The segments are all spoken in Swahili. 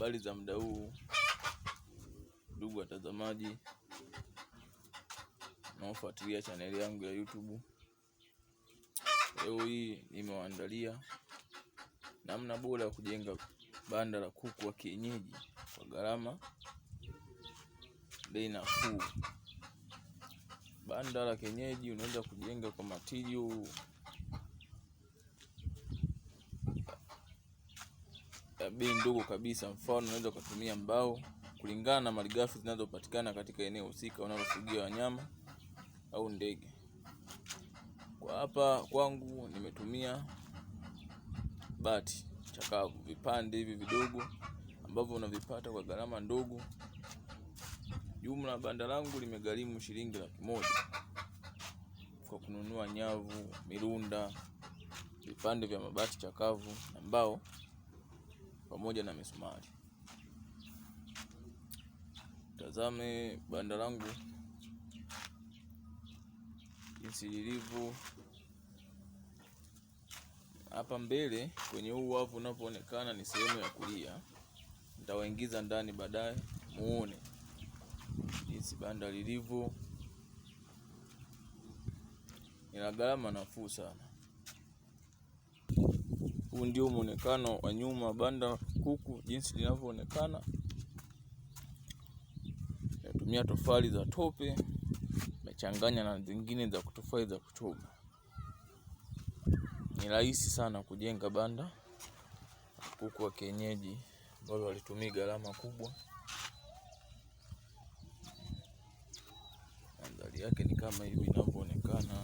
Habari za muda huu, ndugu watazamaji naofuatilia chaneli yangu ya YouTube. Leo hii nimewaandalia namna bora ya kujenga banda la kuku wa kienyeji kwa gharama bei nafuu. Banda la kienyeji unaweza kujenga kwa matirio bei ndogo kabisa. Mfano, unaweza ukatumia mbao kulingana na malighafi zinazopatikana katika eneo husika unalofugia wanyama au ndege. Kwa hapa kwangu nimetumia bati chakavu, vipande hivi vidogo ambavyo unavipata kwa gharama ndogo. Jumla banda langu limegharimu shilingi laki moja kwa kununua nyavu, mirunda, vipande vya mabati chakavu na mbao pamoja na misumari. Tazame banda langu jinsi lilivyo hapa mbele kwenye huu wavu unapoonekana ni sehemu ya kulia. Nitawaingiza ndani baadaye muone jinsi banda lilivyo. Ina gharama nafuu sana. Huu ndio muonekano wa nyuma banda kuku jinsi linavyoonekana. Natumia tofali za tope mechanganya na zingine za tofali za kuchoma. Ni rahisi sana kujenga banda kuku wa kienyeji ambao walitumia gharama kubwa. Mandhari yake ni kama hivi inavyoonekana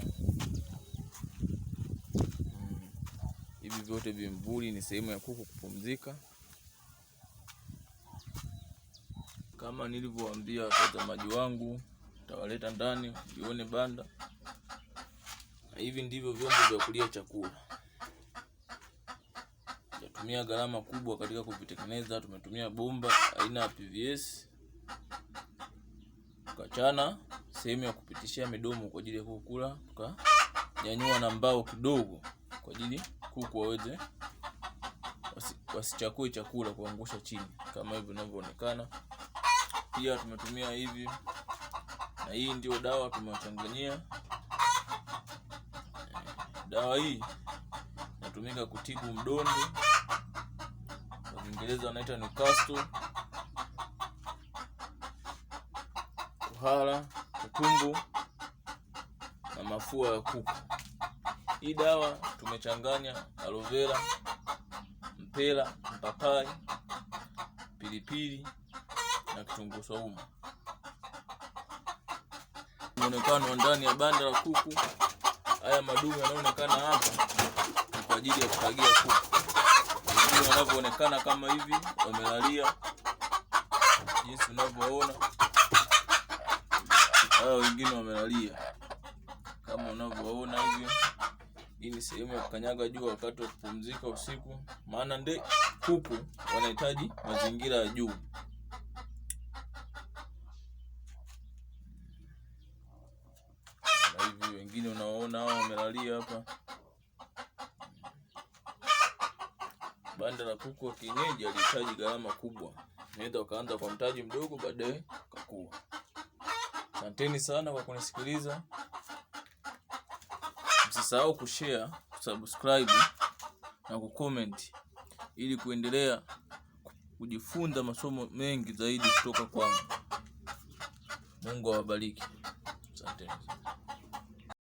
hivi vyote vimvuli ni sehemu ya kuku kupumzika. Kama nilivyowaambia watazamaji wangu, tawaleta ndani ione banda, na hivi ndivyo vyombo vya kulia chakula. Tumia gharama kubwa katika kuvitengeneza, tumetumia bomba aina ya PVS, tukachana sehemu ya kupitishia midomo kwa ajili ya kukula, tukanyanyua na mbao kidogo kwa ajili kuku waweze wasichakue chakula kuangusha chini kama hivyo inavyoonekana. Pia tumetumia hivi, na hii ndio dawa tumewachanganyia. Dawa hii inatumika kutibu mdondo, kwa Kiingereza wanaita Newcastle, kuhara, utumbo na mafua ya kuku. Hii dawa tumechanganya aloe vera, mpera, mpapai, pilipili na kitunguu saumu. Muonekano ndani ya banda la kuku. Haya madumu yanayoonekana hapa ni kwa ajili ya kutagia kuku. Wengine wanavyoonekana kama hivi wamelalia, jinsi unavyoona. Haya wengine wamelalia kama unavyoona hivyo. Hii ni sehemu ya kukanyaga juu wakati wa kupumzika usiku, maana nde kuku wanahitaji mazingira ya juu. Hivi wengine unaona hao wamelalia hapa, banda la kuku wa kienyeji alihitaji gharama kubwa, naweza ukaanza kwa mtaji mdogo, baadaye kakua Asanteni sana kwa kunisikiliza. Usisahau kushare, kusubscribe na kucomment ili kuendelea kujifunza masomo mengi zaidi kutoka kwangu. Mungu awabariki. Asante.